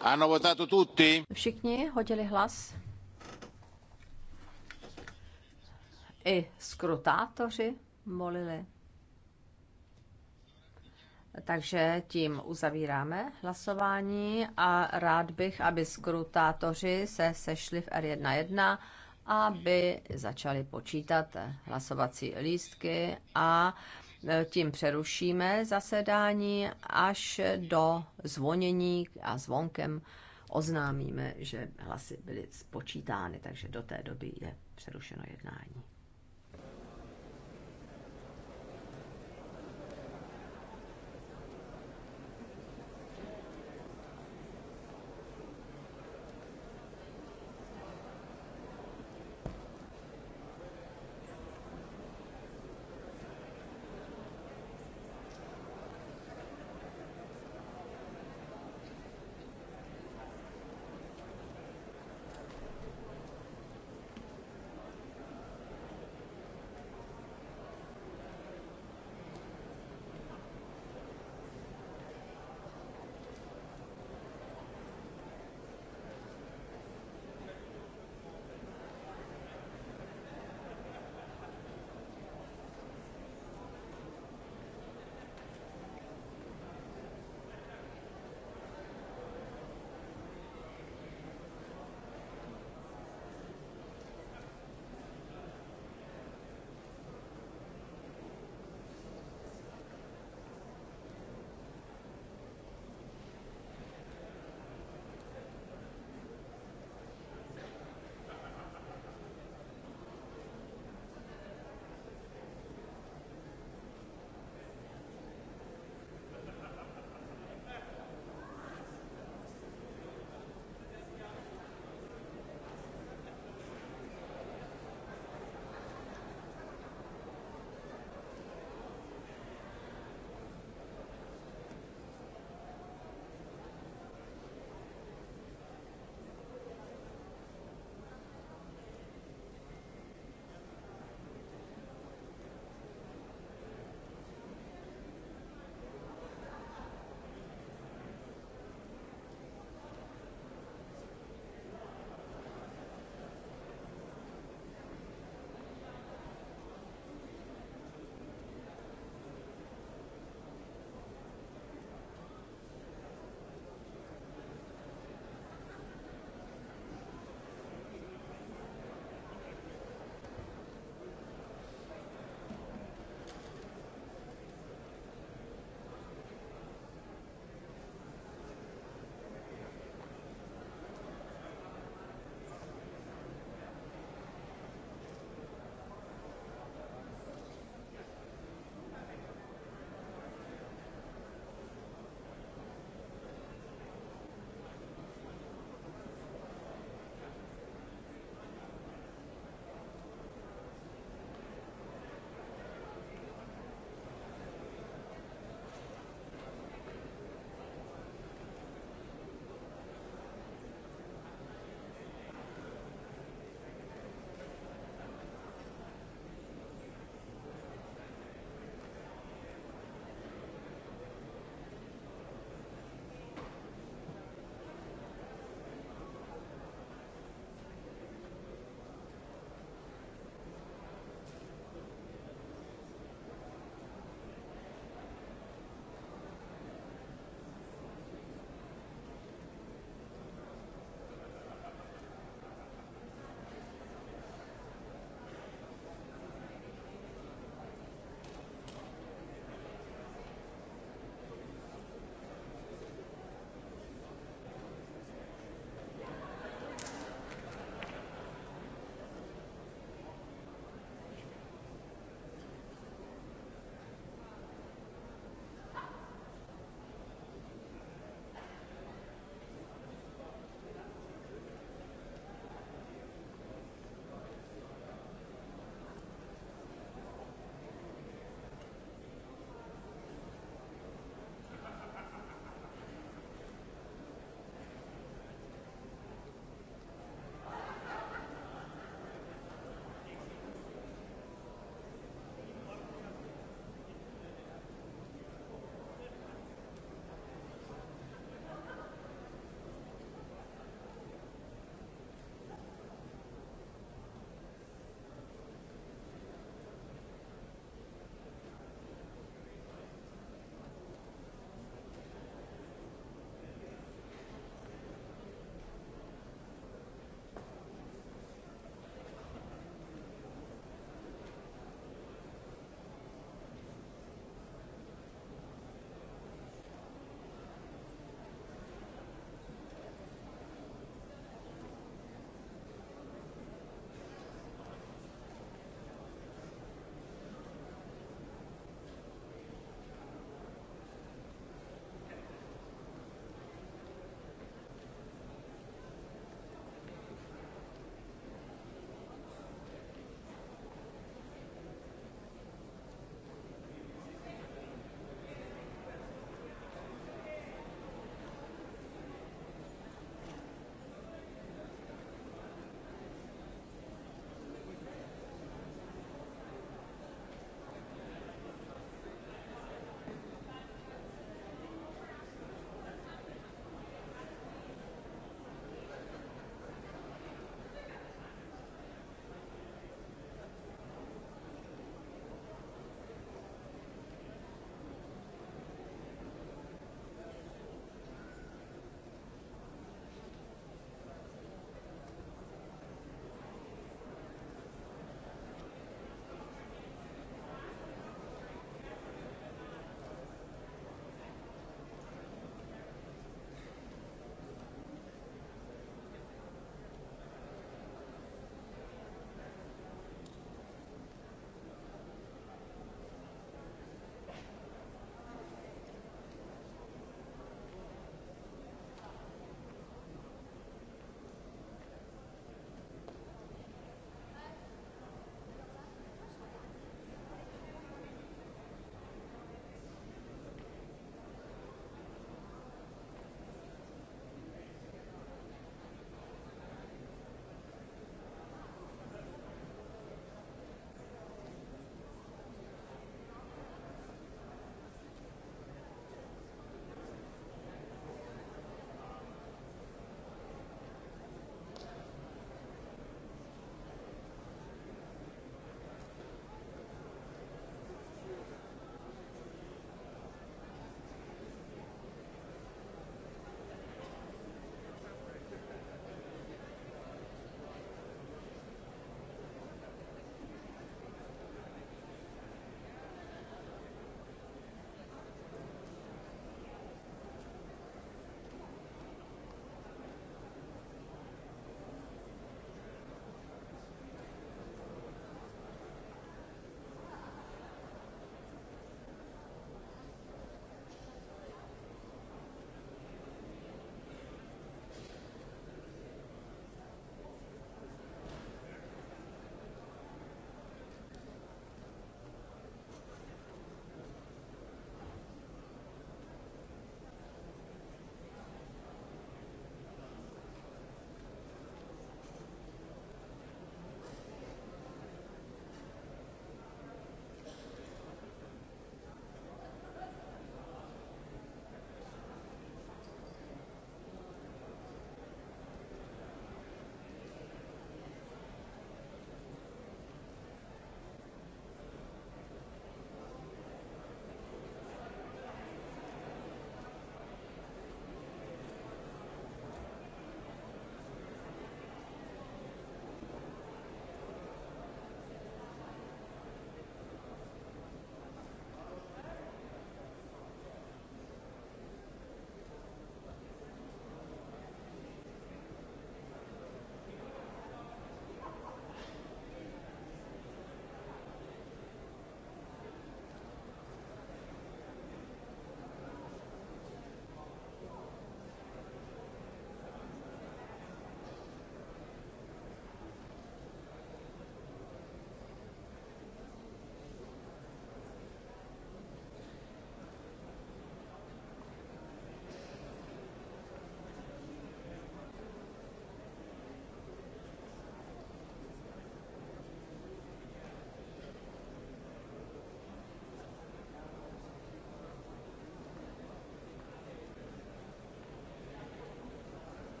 Hanno votato tutti? Všichni hodili hlas? I skrutátoři volili. Takže tím uzavíráme hlasování a rád bych, aby skrutátoři se sešli v R11, aby začali počítat hlasovací lístky a tím přerušíme zasedání až do zvonění a zvonkem oznámíme, že hlasy byly spočítány, takže do té doby je přerušeno jednání.